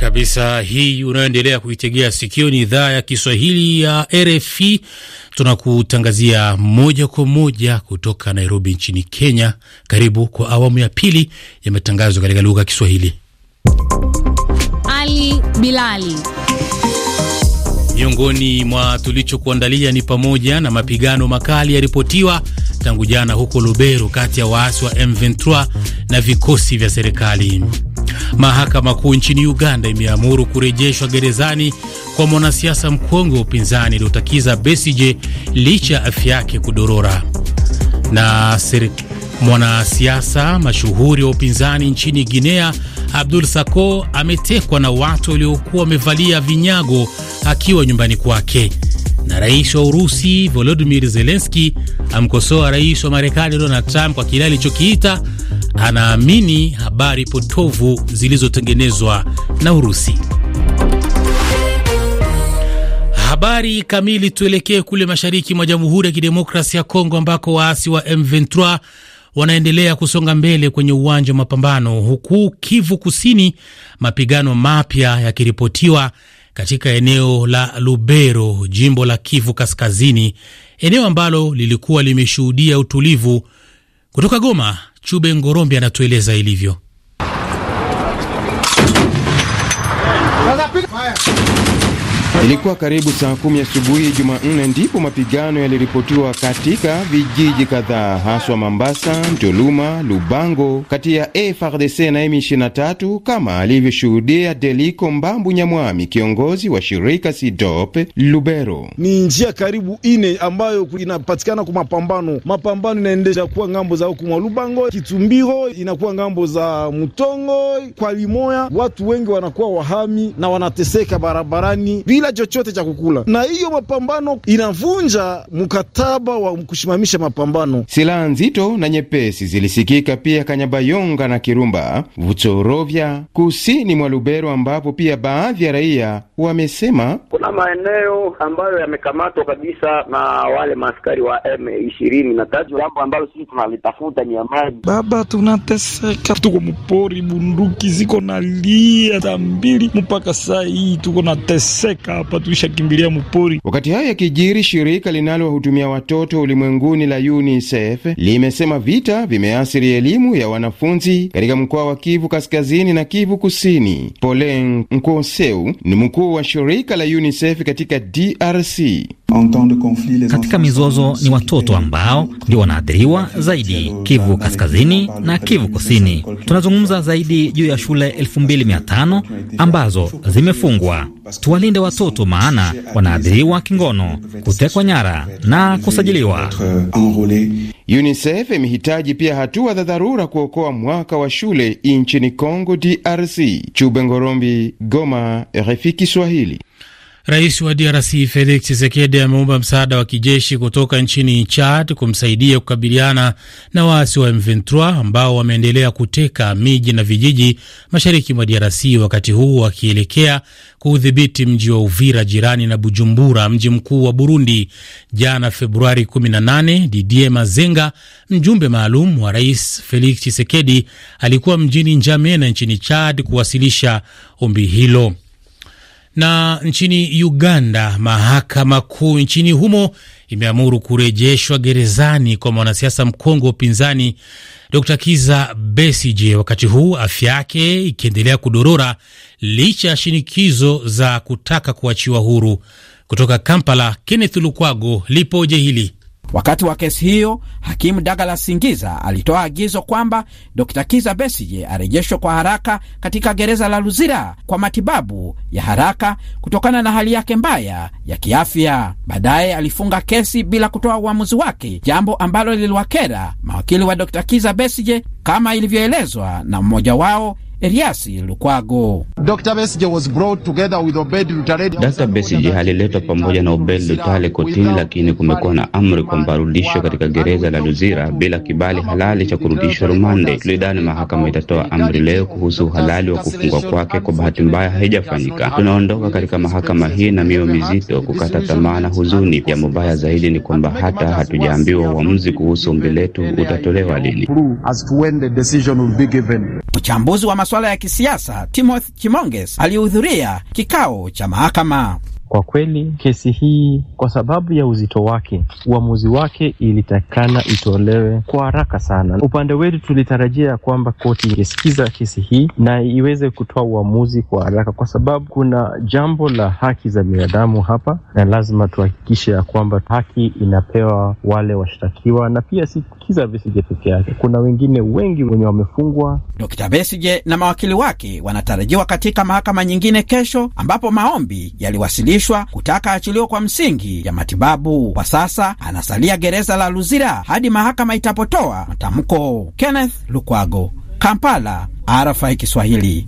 kabisa. Hii unayoendelea kuitegea sikio ni idhaa ya Kiswahili ya RFI. Tunakutangazia moja kwa moja kutoka Nairobi nchini Kenya. Karibu kwa awamu ya pili ya matangazo katika lugha ya Kiswahili. Ali Bilali. Miongoni mwa tulichokuandalia ni pamoja na mapigano makali yaripotiwa tangu jana huko Lubero kati ya waasi wa M23 na vikosi vya serikali. Mahakama Kuu nchini Uganda imeamuru kurejeshwa gerezani kwa mwanasiasa mkongwe wa upinzani Dr. Besigye licha ya afya yake kudorora. Na mwanasiasa mashuhuri wa upinzani nchini Guinea Abdul Sako ametekwa na watu waliokuwa wamevalia vinyago akiwa nyumbani kwake. Na rais wa Urusi Volodymyr Zelensky amkosoa rais wa Marekani Donald Trump kwa kile alichokiita anaamini habari potovu zilizotengenezwa na Urusi. Habari kamili, tuelekee kule mashariki mwa Jamhuri ya Kidemokrasia ya Kongo ambako waasi wa M23 wanaendelea kusonga mbele kwenye uwanja wa mapambano, huku Kivu Kusini mapigano mapya yakiripotiwa katika eneo la Lubero, jimbo la Kivu Kaskazini, eneo ambalo lilikuwa limeshuhudia utulivu. Kutoka Goma, Chube Ngorombi anatueleza ilivyo. Ilikuwa karibu saa kumi asubuhi Jumanne ndipo mapigano yaliripotiwa katika vijiji kadhaa haswa Mambasa, Mtoluma, Lubango kati ya FRDC na M23 kama alivyoshuhudia Deliko Mbambu Nyamwami, kiongozi wa shirika Sidope Lubero. Ni njia karibu ine ambayo inapatikana kwa mapambano. Mapambano inaendelea kuwa ngambo za huku mwa Lubango, kitumbiho inakuwa ngambo za Mutongo, kwa Limoya. Watu wengi wanakuwa wahami na wanateseka barabarani bila chochote cha kukula, na hiyo mapambano inavunja mkataba wa kusimamisha mapambano. Silaha nzito na nyepesi zilisikika pia Kanyabayonga na Kirumba, Vuchorovya, kusini mwa Lubero, ambapo pia baadhi ya raia wamesema kuna maeneo ambayo yamekamatwa kabisa na wale maaskari wa M23 na tatu. Jambo ambalo sisi tunalitafuta ni amani. Baba, tunateseka, tuko mpori, bunduki ziko na lia za mbili mpaka saa hii tuko nateseka hapa tulishakimbilia mpori. Wakati haya yakijiri, shirika linalowahudumia watoto ulimwenguni la UNICEF limesema vita vimeathiri elimu ya wanafunzi katika mkoa wa Kivu Kaskazini na Kivu Kusini. Polen Nkoseu ni mkuu wa shirika la UNICEF katika DRC. Katika mizozo ni watoto ambao ndio wanaathiriwa zaidi Kivu Kaskazini na Kivu Kusini. Tunazungumza zaidi juu ya shule 2500 ambazo zimefungwa tuwalinde watoto, maana wanaadhiriwa kingono, kutekwa nyara na kusajiliwa. UNICEF imehitaji pia hatua za dharura kuokoa mwaka wa shule nchini congo DRC. Chube Ngorombi, Goma, RFI Kiswahili. Rais wa DRC Felix chisekedi ameomba msaada wa kijeshi kutoka nchini Chad kumsaidia kukabiliana na waasi wa M23 ambao wameendelea kuteka miji na vijiji mashariki mwa DRC, wakati huu wakielekea kuudhibiti mji wa Uvira jirani na Bujumbura, mji mkuu wa Burundi. Jana Februari 18, didie Mazenga, mjumbe maalum wa Rais Felix chisekedi alikuwa mjini Njamena nchini Chad kuwasilisha ombi hilo. Na nchini Uganda, mahakama kuu nchini humo imeamuru kurejeshwa gerezani kwa mwanasiasa mkongwe wa upinzani Dr Kiza besij wakati huu afya yake ikiendelea kudorora licha ya shinikizo za kutaka kuachiwa huru. Kutoka Kampala, Kenneth Lukwago, lipoje hili? Wakati wa kesi hiyo, hakimu Douglas Singiza alitoa agizo kwamba Dr. Kiza Besije arejeshwe kwa haraka katika gereza la Luzira kwa matibabu ya haraka kutokana na hali yake mbaya ya kiafya. Baadaye alifunga kesi bila kutoa uamuzi wake, jambo ambalo liliwakera mawakili wa Dr. Kiza Besije, kama ilivyoelezwa na mmoja wao Eliasi Lukwago. Dr. Besije was brought together with Obed Lutale. Dr. Besije aliletwa pamoja na Obed Lutale kotini, lakini kumekuwa na amri kwamba arudishwe katika gereza la Luzira bila kibali halali cha kurudishwa rumande. Tulidhani mahakama itatoa amri leo kuhusu uhalali wa kufungwa kwake, kwa bahati mbaya haijafanyika. Tunaondoka katika mahakama hii na mioyo mizito, kukata tamaa na huzuni. ya baya zaidi ni kwamba hata hatujaambiwa uamuzi kuhusu ombi letu utatolewa lini. Mchambuzi wa masuala ya kisiasa Timothy Chimonges alihudhuria kikao cha mahakama. Kwa kweli kesi hii kwa sababu ya uzito wake, uamuzi wake ilitakana itolewe kwa haraka sana. Upande wetu tulitarajia kwamba koti ingesikiza kesi hii na iweze kutoa uamuzi kwa haraka, kwa sababu kuna jambo la haki za binadamu hapa, na lazima tuhakikishe ya kwamba haki inapewa wale washtakiwa, na pia si Kizza Besigye peke yake, kuna wengine wengi wenye wamefungwa. Dr. Besigye na mawakili wake wanatarajiwa katika mahakama nyingine kesho, ambapo maombi yaliwasilishwa kuwasilishwa kutaka achiliwa kwa msingi ya matibabu. Kwa sasa anasalia gereza la Luzira hadi mahakama itapotoa matamko. Kenneth Lukwago, Kampala, RFI Kiswahili.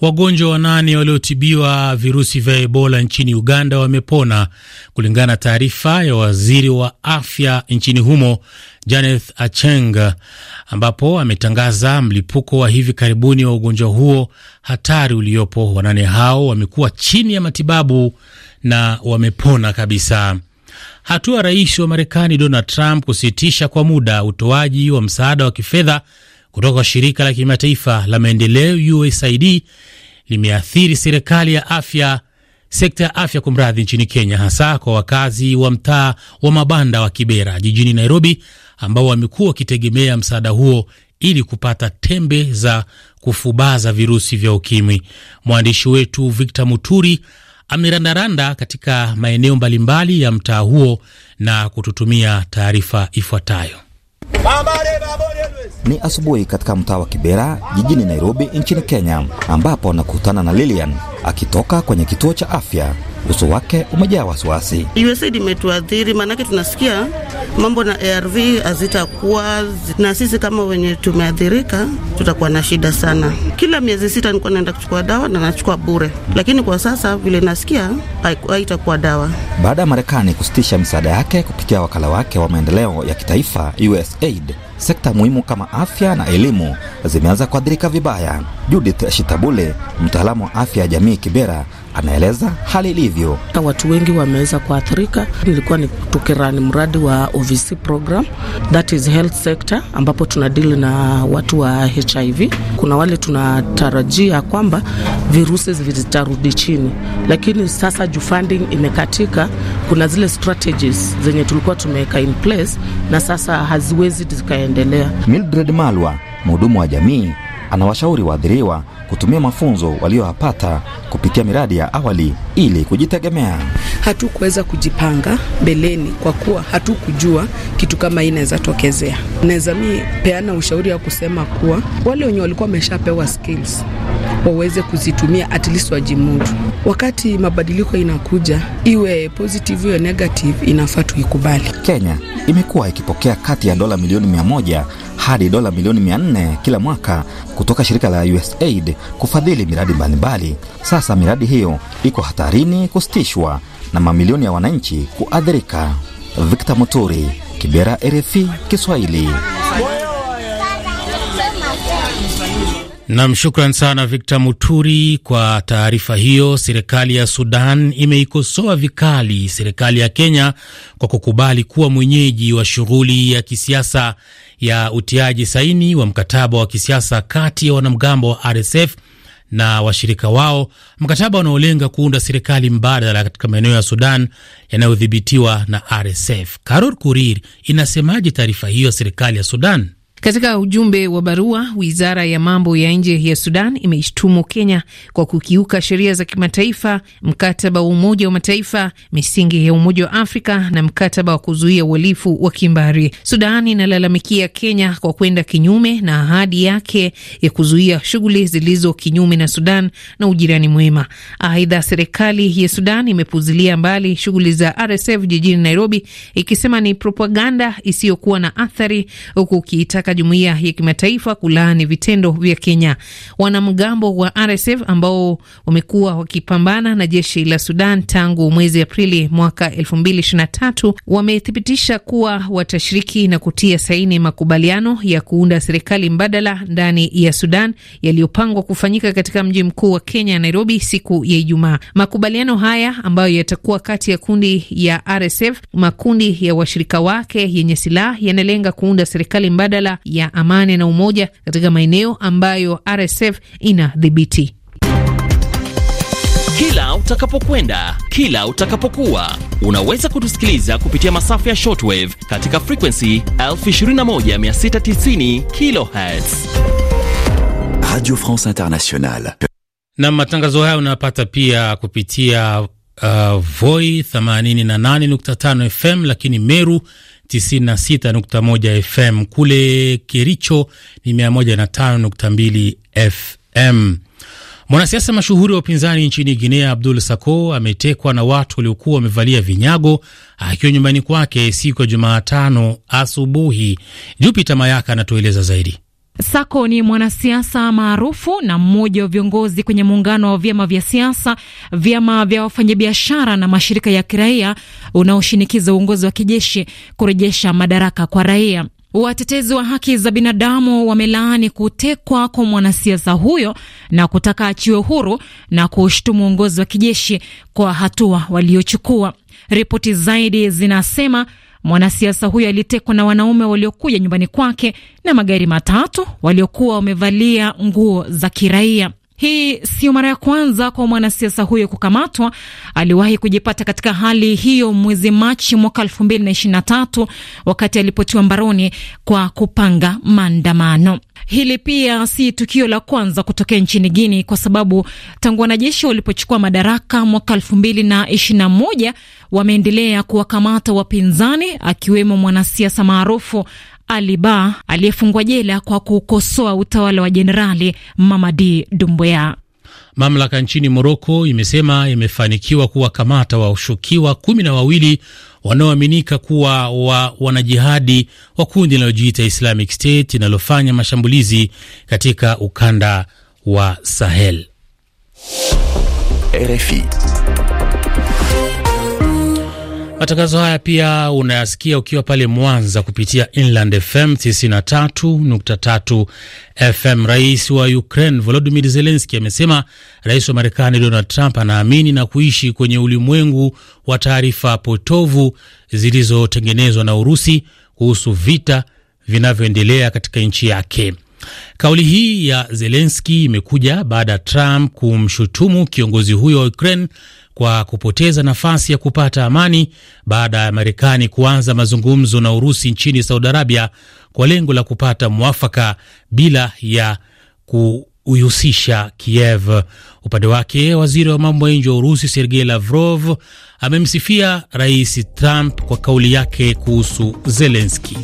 Wagonjwa wanane waliotibiwa virusi vya Ebola nchini Uganda wamepona kulingana na taarifa ya waziri wa afya nchini humo Janeth Acheng, ambapo ametangaza mlipuko wa hivi karibuni wa ugonjwa huo hatari uliopo. Wanane hao wamekuwa chini ya matibabu na wamepona kabisa. Hatua rais wa Marekani Donald Trump kusitisha kwa muda utoaji wa msaada wa kifedha kutoka kwa shirika la kimataifa la maendeleo USAID limeathiri serikali ya afya sekta ya afya kwa mradhi nchini Kenya, hasa kwa wakazi wa mtaa wa mabanda wa Kibera jijini Nairobi, ambao wamekuwa wakitegemea msaada huo ili kupata tembe za kufubaza virusi vya ukimwi. Mwandishi wetu Victor Muturi amerandaranda katika maeneo mbalimbali ya mtaa huo na kututumia taarifa ifuatayo. Ni asubuhi katika mtaa wa Kibera jijini Nairobi nchini Kenya, ambapo anakutana na Lilian akitoka kwenye kituo cha afya uso wake umejaa wasiwasi. USAID imetuadhiri, maanake tunasikia mambo na ARV hazitakuwa na sisi, kama wenye tumeadhirika tutakuwa na shida sana. Kila miezi sita nilikuwa naenda kuchukua dawa na nachukua bure, lakini kwa sasa vile nasikia haitakuwa dawa. Baada ya Marekani kusitisha misaada yake kupitia wakala wake wa maendeleo ya kitaifa USAID, sekta muhimu kama afya na elimu zimeanza kuadhirika vibaya. Judith Shitabule, mtaalamu wa afya ya jamii Kibera, anaeleza hali ilivyo. Na watu wengi wameweza kuathirika. Nilikuwa ni tukirani mradi wa OVC program, that is health sector, ambapo tuna tunadili na watu wa HIV. Kuna wale tunatarajia kwamba virusi vitarudi chini, lakini sasa juu funding imekatika, kuna zile strategies zenye tulikuwa tumeweka in place na sasa haziwezi zikaendelea. Mildred Malwa, mhudumu wa jamii anawashauri waadhiriwa kutumia mafunzo waliyoyapata kupitia miradi ya awali ili kujitegemea hatukuweza kujipanga mbeleni, kwa kuwa hatukujua kitu kama hii inaweza tokezea. Naweza mi peana ushauri ya kusema kuwa wale wenye walikuwa wameshapewa skills waweze kuzitumia at least wajimudu. Wakati mabadiliko inakuja, iwe positive iwe negative, inafaa tuikubali. Kenya imekuwa ikipokea kati ya dola milioni mia moja hadi dola milioni mia nne kila mwaka kutoka shirika la USAID kufadhili miradi mbalimbali. Sasa miradi hiyo iko hatarini kusitishwa na mamilioni ya wananchi kuathirika. Victor Muturi, Kibera, RFI Kiswahili. Nam, shukran sana Victor Muturi kwa taarifa hiyo. Serikali ya Sudan imeikosoa vikali serikali ya Kenya kwa kukubali kuwa mwenyeji wa shughuli ya kisiasa ya utiaji saini wa mkataba wa kisiasa kati ya wanamgambo wa RSF na washirika wao mkataba unaolenga kuunda serikali mbadala katika maeneo ya Sudan yanayodhibitiwa na RSF. Karor Kurir inasemaje taarifa hiyo ya serikali ya Sudan? Katika ujumbe wa barua, wizara ya mambo ya nje ya Sudan imeishtumu Kenya kwa kukiuka sheria za kimataifa, mkataba wa Umoja wa Mataifa, misingi ya Umoja wa Afrika na mkataba wa kuzuia uhalifu wa kimbari. Sudan inalalamikia Kenya kwa kwenda kinyume na ahadi yake ya kuzuia shughuli zilizo kinyume na Sudan na ujirani mwema. Aidha, serikali ya Sudan imepuzilia mbali shughuli za RSF jijini Nairobi, ikisema ni propaganda isiyokuwa na athari, huku ukiitaka kuitaka jumuiya ya kimataifa kulaani vitendo vya Kenya. Wanamgambo wa RSF ambao wamekuwa wakipambana na jeshi la Sudan tangu mwezi Aprili mwaka 2023 wamethibitisha kuwa watashiriki na kutia saini makubaliano ya kuunda serikali mbadala ndani ya Sudan yaliyopangwa kufanyika katika mji mkuu wa Kenya, Nairobi, siku ya Ijumaa. Makubaliano haya ambayo yatakuwa kati ya kundi ya RSF, makundi ya washirika wake yenye silaha yanalenga kuunda serikali mbadala ya amani na umoja katika maeneo ambayo RSF inadhibiti. Kila utakapokwenda, kila utakapokuwa, unaweza kutusikiliza kupitia masafa ya shortwave katika frequency 21690 kHz, Radio France Internationale. Na matangazo haya unapata pia kupitia uh, Voi 88.5 FM, lakini Meru 96.1 FM kule Kericho ni 105.2 FM. Mwanasiasa mashuhuri wa upinzani nchini Guinea Abdul Sako ametekwa na watu waliokuwa wamevalia vinyago akiwa nyumbani kwake siku ya Jumatano asubuhi. Jupiter Mayaka anatueleza zaidi. Sako ni mwanasiasa maarufu na mmoja wa viongozi kwenye muungano wa vyama vya siasa, vyama vya wafanyabiashara na mashirika ya kiraia unaoshinikiza uongozi wa kijeshi kurejesha madaraka kwa raia. Watetezi wa haki za binadamu wamelaani kutekwa kwa mwanasiasa huyo na kutaka achiwe huru na kushtumu uongozi wa kijeshi kwa hatua waliochukua. Ripoti zaidi zinasema Mwanasiasa huyo alitekwa na wanaume waliokuja nyumbani kwake na magari matatu waliokuwa wamevalia nguo za kiraia. Hii sio mara ya kwanza kwa mwanasiasa huyo kukamatwa. Aliwahi kujipata katika hali hiyo mwezi Machi mwaka tatu wakati alipotiwa mbaroni kwa kupanga maandamano. Hili pia si tukio la kwanza kutokea nchini Guini, kwa sababu tangu wanajeshi walipochukua madaraka mwaka elfu mbili na ishirini na moja wameendelea kuwakamata wapinzani, akiwemo mwanasiasa maarufu ali Ba aliyefungwa jela kwa kukosoa utawala wa Jenerali Mamadi Doumbouya. Mamlaka nchini Moroko imesema imefanikiwa kuwakamata washukiwa kumi na wawili wanaoaminika kuwa wa wanajihadi wa kundi linalojiita Islamic State linalofanya mashambulizi katika ukanda wa Sahel. RFI. Matangazo haya pia unayasikia ukiwa pale Mwanza kupitia Inland FM 93.3 FM. Rais wa Ukraine volodimir zelenski amesema rais wa Marekani Donald Trump anaamini na kuishi kwenye ulimwengu wa taarifa potovu zilizotengenezwa na Urusi kuhusu vita vinavyoendelea katika nchi yake. Kauli hii ya Zelenski imekuja baada ya Trump kumshutumu kiongozi huyo wa Ukraine kwa kupoteza nafasi ya kupata amani baada ya Marekani kuanza mazungumzo na Urusi nchini Saudi Arabia kwa lengo la kupata mwafaka bila ya kuihusisha Kiev. Upande wake, waziri wa mambo ya nje wa Urusi Sergei Lavrov amemsifia Rais Trump kwa kauli yake kuhusu Zelenski.